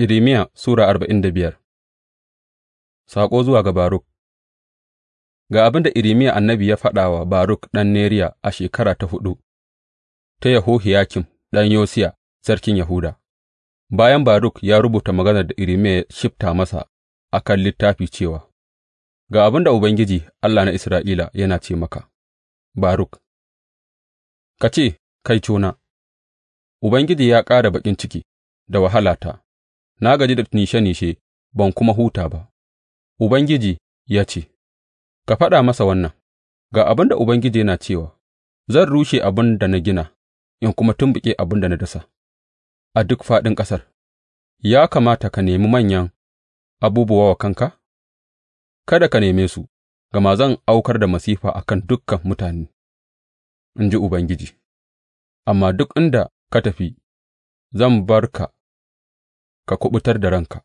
Irimiya Sura arba'in da biyar Saƙo zuwa ga Baruk Ga abin da irimiya annabi ya faɗa wa Baruk ɗan Neriya a shekara ta huɗu ta Yahohiyakim ɗan Yosiya sarkin Yahuda, bayan Baruk ya rubuta maganar da Irimiya ya shifta masa a kan littafi cewa, Ga abin da Ubangiji Allah na Isra'ila yana ce maka, Baruk, ka ce, kai cona Ubangiji ya ƙara baƙin ciki da wahalata. na gaji da nishe nishe ban kuma huta ba, Ubangiji ya ce, Ka faɗa masa wannan, ga abin da Ubangiji yana cewa, Zan rushe abin da na gina in kuma tumbuke abin da na dasa a duk faɗin ƙasar, ya kamata ka nemi manyan abubuwa wa kanka? Kada ka neme su, gama zan aukar da masifa a kan dukan mutane, in ji Ubangiji, amma duk inda ka tafi, zan bar ka ka kuɓutar da ranka.